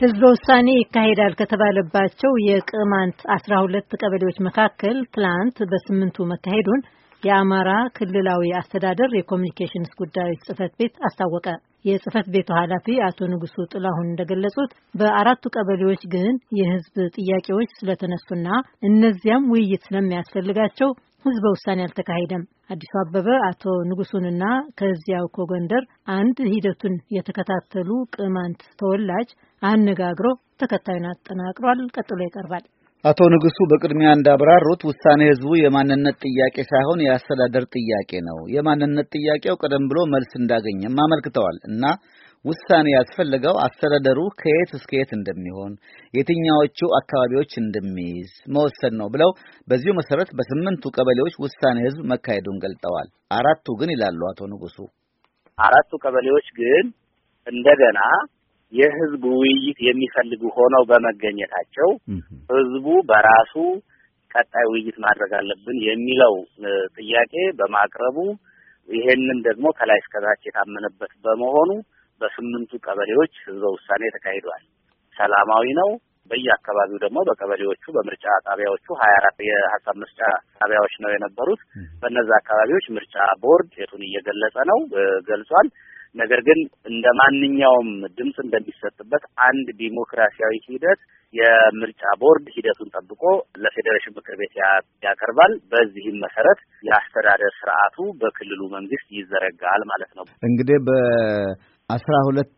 ህዝበ ውሳኔ ይካሄዳል ከተባለባቸው የቅማንት አስራ ሁለት ቀበሌዎች መካከል ትላንት በስምንቱ መካሄዱን የአማራ ክልላዊ አስተዳደር የኮሚኒኬሽንስ ጉዳዮች ጽህፈት ቤት አስታወቀ። የጽህፈት ቤቱ ኃላፊ አቶ ንጉሱ ጥላሁን እንደገለጹት በአራቱ ቀበሌዎች ግን የህዝብ ጥያቄዎች ስለተነሱና እነዚያም ውይይት ስለሚያስፈልጋቸው ህዝበ ውሳኔ አልተካሄደም። አዲሱ አበበ አቶ ንጉሱንና ከዚያው ከጎንደር አንድ ሂደቱን የተከታተሉ ቅማንት ተወላጅ አነጋግሮ ተከታዩን አጠናቅሯል። ቀጥሎ ይቀርባል። አቶ ንጉሱ በቅድሚያ እንዳብራሩት ውሳኔ ህዝቡ የማንነት ጥያቄ ሳይሆን የአስተዳደር ጥያቄ ነው። የማንነት ጥያቄው ቀደም ብሎ መልስ እንዳገኘም አመልክተዋል እና ውሳኔ ያስፈልገው አስተዳደሩ ከየት እስከ የት እንደሚሆን የትኛዎቹ አካባቢዎች እንደሚይዝ መወሰን ነው ብለው በዚሁ መሰረት በስምንቱ ቀበሌዎች ውሳኔ ህዝብ መካሄዱን ገልጠዋል። አራቱ ግን ይላሉ አቶ ንጉሱ፣ አራቱ ቀበሌዎች ግን እንደገና የህዝብ ውይይት የሚፈልጉ ሆነው በመገኘታቸው ህዝቡ በራሱ ቀጣይ ውይይት ማድረግ አለብን የሚለው ጥያቄ በማቅረቡ ይሄንን ደግሞ ከላይ እስከታች የታመነበት በመሆኑ በስምንቱ ቀበሌዎች ህዝበ ውሳኔ ተካሂዷል። ሰላማዊ ነው። በየአካባቢው ደግሞ በቀበሌዎቹ በምርጫ ጣቢያዎቹ ሀያ አራት የሀሳብ መስጫ ጣቢያዎች ነው የነበሩት። በእነዛ አካባቢዎች ምርጫ ቦርድ የቱን እየገለጸ ነው ገልጿል። ነገር ግን እንደ ማንኛውም ድምፅ እንደሚሰጥበት አንድ ዲሞክራሲያዊ ሂደት የምርጫ ቦርድ ሂደቱን ጠብቆ ለፌዴሬሽን ምክር ቤት ያቀርባል። በዚህም መሰረት የአስተዳደር ስርዓቱ በክልሉ መንግስት ይዘረጋል ማለት ነው። እንግዲህ አስራ ሁለት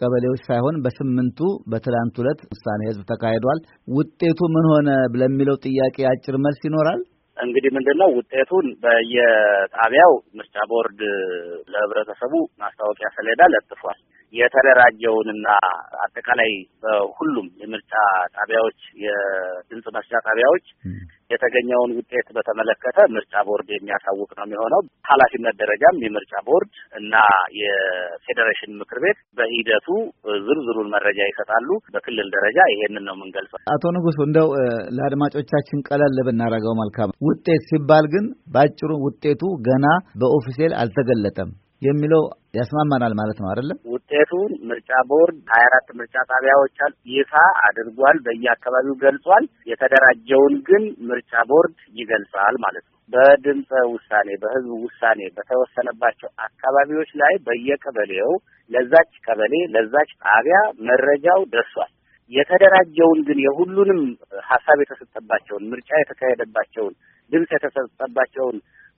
ቀበሌዎች ሳይሆን በስምንቱ በትላንት ሁለት ውሳኔ ህዝብ ተካሂዷል። ውጤቱ ምን ሆነ ለሚለው ጥያቄ አጭር መልስ ይኖራል። እንግዲህ ምንድን ነው ውጤቱን በየጣቢያው ምርጫ ቦርድ ለህብረተሰቡ ማስታወቂያ ሰሌዳ ለጥፏል። የተደራጀውንና አጠቃላይ በሁሉም የምርጫ ጣቢያዎች የድምፅ መስጫ ጣቢያዎች የተገኘውን ውጤት በተመለከተ ምርጫ ቦርድ የሚያሳውቅ ነው የሚሆነው። ኃላፊነት ደረጃም የምርጫ ቦርድ እና የፌዴሬሽን ምክር ቤት በሂደቱ ዝርዝሩን መረጃ ይሰጣሉ። በክልል ደረጃ ይሄንን ነው የምንገልጸው። አቶ ንጉሱ እንደው ለአድማጮቻችን ቀለል ብናደርገው መልካም። ውጤት ሲባል ግን በአጭሩ ውጤቱ ገና በኦፊሴል አልተገለጠም የሚለው ያስማማናል ማለት ነው አይደለም? ውጤቱን ምርጫ ቦርድ ሀያ አራት ምርጫ ጣቢያዎች ይፋ አድርጓል፣ በየአካባቢው ገልጿል። የተደራጀውን ግን ምርጫ ቦርድ ይገልጻል ማለት ነው። በድምፀ ውሳኔ በህዝብ ውሳኔ በተወሰነባቸው አካባቢዎች ላይ በየቀበሌው ለዛች ቀበሌ ለዛች ጣቢያ መረጃው ደርሷል። የተደራጀውን ግን የሁሉንም ሀሳብ የተሰጠባቸውን ምርጫ የተካሄደባቸውን ድምፅ የተሰጠባቸውን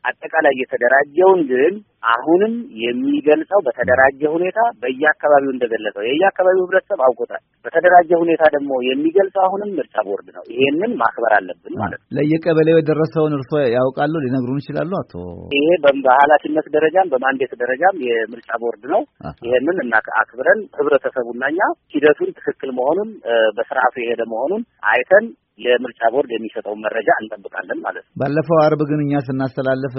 አጠቃላይ የተደራጀውን ግን አሁንም የሚገልጸው በተደራጀ ሁኔታ በየአካባቢው እንደገለጸው የየአካባቢው ህብረተሰብ አውቆታል። በተደራጀ ሁኔታ ደግሞ የሚገልጸው አሁንም ምርጫ ቦርድ ነው። ይሄንን ማክበር አለብን ማለት ነው። ለየቀበሌው የደረሰውን እርሶ ያውቃሉ፣ ሊነግሩን ይችላሉ? አቶ ይሄ በኃላፊነት ደረጃም በማንዴት ደረጃም የምርጫ ቦርድ ነው። ይሄንን እና አክብረን ህብረተሰቡና እኛ ሂደቱን ትክክል መሆኑን በስርዓቱ የሄደ መሆኑን አይተን የምርጫ ቦርድ የሚሰጠውን መረጃ እንጠብቃለን ማለት ነው። ባለፈው አርብ ግን እኛ ስናስተላልፍ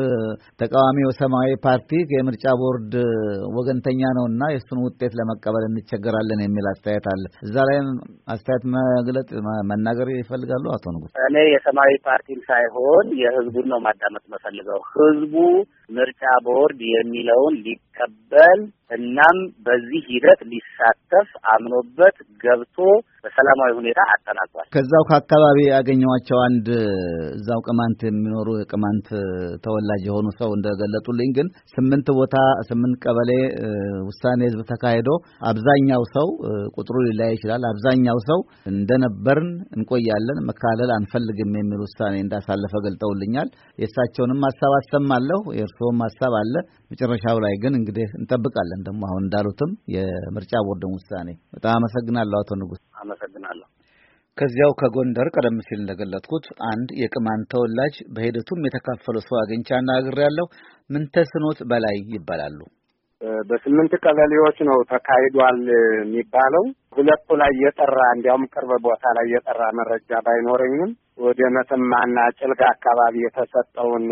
ተቃዋሚው ሰማያዊ ፓርቲ የምርጫ ቦርድ ወገንተኛ ነው እና የእሱን ውጤት ለመቀበል እንቸገራለን የሚል አስተያየት አለ። እዛ ላይ አስተያየት መግለጥ መናገር ይፈልጋሉ አቶ ንጉስ? እኔ የሰማያዊ ፓርቲን ሳይሆን የህዝቡን ነው ማዳመጥ መፈልገው። ህዝቡ ምርጫ ቦርድ የሚለውን ሊቀበል እናም በዚህ ሂደት ሊሳተፍ አምኖበት ገብቶ በሰላማዊ ሁኔታ አጠናቋል። ከዛው ከአካባቢ ያገኘኋቸው አንድ እዛው ቅማንት የሚኖሩ የቅማንት ተወላጅ የሆኑ ሰው እንደገለጡልኝ ግን ስምንት ቦታ ስምንት ቀበሌ ውሳኔ ህዝብ ተካሂዶ አብዛኛው ሰው ቁጥሩ ሊለያይ ይችላል። አብዛኛው ሰው እንደነበርን እንቆያለን፣ መካለል አንፈልግም የሚል ውሳኔ እንዳሳለፈ ገልጠውልኛል። የእሳቸውንም ሀሳብ አሰማለሁ፣ የእርስዎም ሀሳብ አለ። መጨረሻው ላይ ግን እንግዲህ እንጠብቃለን። እንጠብቃለን። ደግሞ አሁን እንዳሉትም የምርጫ ቦርድን ውሳኔ። በጣም አመሰግናለሁ አቶ ንጉስ። አመሰግናለሁ። ከዚያው ከጎንደር ቀደም ሲል እንደገለጥኩት አንድ የቅማን ተወላጅ በሂደቱም የተካፈለ ሰው ያለው ምን ተስኖት በላይ ይባላሉ። በስምንት ቀበሌዎች ነው ተካሂዷል የሚባለው። ሁለቱ ላይ የጠራ እንዲያውም ቅርብ ቦታ ላይ የጠራ መረጃ ባይኖረኝም ወደ መተማና ጭልጋ አካባቢ የተሰጠውን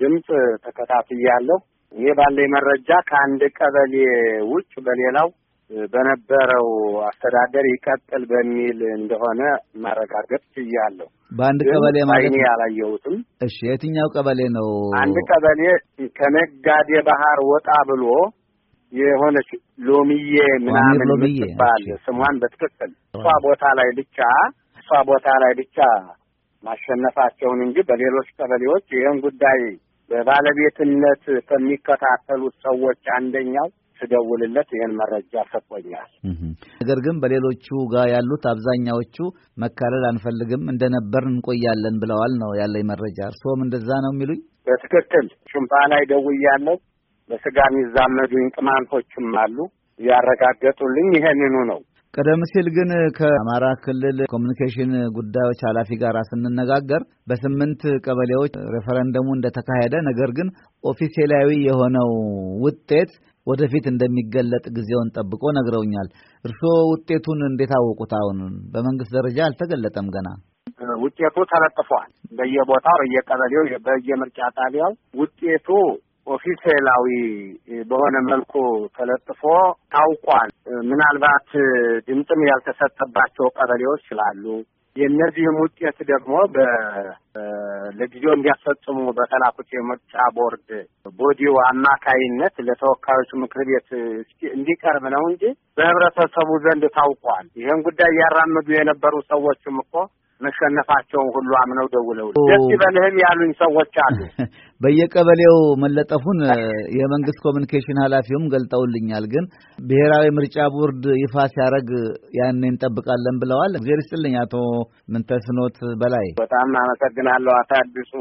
ድምፅ ተከታትያለሁ። እኔ ባለኝ መረጃ ከአንድ ቀበሌ ውጭ በሌላው በነበረው አስተዳደር ይቀጥል በሚል እንደሆነ ማረጋገጥ ችያለሁ። በአንድ ቀበሌ ማለት ነው ያላየሁትም። እሺ፣ የትኛው ቀበሌ ነው? አንድ ቀበሌ ከነጋዴ ባህር ወጣ ብሎ የሆነች ሎሚዬ ምናምን የምትባል ስሟን በትክክል እሷ ቦታ ላይ ብቻ እሷ ቦታ ላይ ብቻ ማሸነፋቸውን እንጂ በሌሎች ቀበሌዎች ይህን ጉዳይ በባለቤትነት ከሚከታተሉት ሰዎች አንደኛው ስደውልለት ይህን መረጃ ሰጥቶኛል። ነገር ግን በሌሎቹ ጋር ያሉት አብዛኛዎቹ መካለል አንፈልግም እንደነበር እንቆያለን ብለዋል ነው ያለኝ መረጃ። እርስዎም እንደዛ ነው የሚሉኝ? በትክክል ሽምባ ላይ ደውያለሁ። በስጋ የሚዛመዱኝ ቅማንቶችም አሉ። ያረጋገጡልኝ ይህንኑ ነው። ቀደም ሲል ግን ከአማራ ክልል ኮሚኒኬሽን ጉዳዮች ኃላፊ ጋር ስንነጋገር በስምንት ቀበሌዎች ሬፈረንደሙ እንደተካሄደ ነገር ግን ኦፊሴላዊ የሆነው ውጤት ወደፊት እንደሚገለጥ ጊዜውን ጠብቆ ነግረውኛል። እርስዎ ውጤቱን እንዴት አወቁት? አሁን በመንግስት ደረጃ አልተገለጠም ገና ውጤቱ ተለጥፏል። በየቦታው በየቀበሌው፣ በየምርጫ ጣቢያው ውጤቱ ኦፊሴላዊ በሆነ መልኩ ተለጥፎ ታውቋል። ምናልባት ድምፅም ያልተሰጠባቸው ቀበሌዎች ስላሉ የእነዚህም ውጤት ደግሞ ለጊዜው እንዲያስፈጽሙ በተላኩት የምርጫ ቦርድ ቦዲው አማካይነት ለተወካዮች ምክር ቤት እንዲቀርብ ነው እንጂ በህብረተሰቡ ዘንድ ታውቋል። ይህን ጉዳይ ያራምዱ የነበሩ ሰዎችም እኮ መሸነፋቸውን ሁሉ አምነው ደውለው ደስ ይበልህም ያሉኝ ሰዎች አሉ። በየቀበሌው መለጠፉን የመንግስት ኮሚኒኬሽን ኃላፊውም ገልጠውልኛል። ግን ብሔራዊ ምርጫ ቦርድ ይፋ ሲያደርግ ያን እንጠብቃለን ብለዋል። እግዜር ይስጥልኝ አቶ ምንተስኖት በላይ በጣም አመሰግናለሁ። አቶ አዲሱ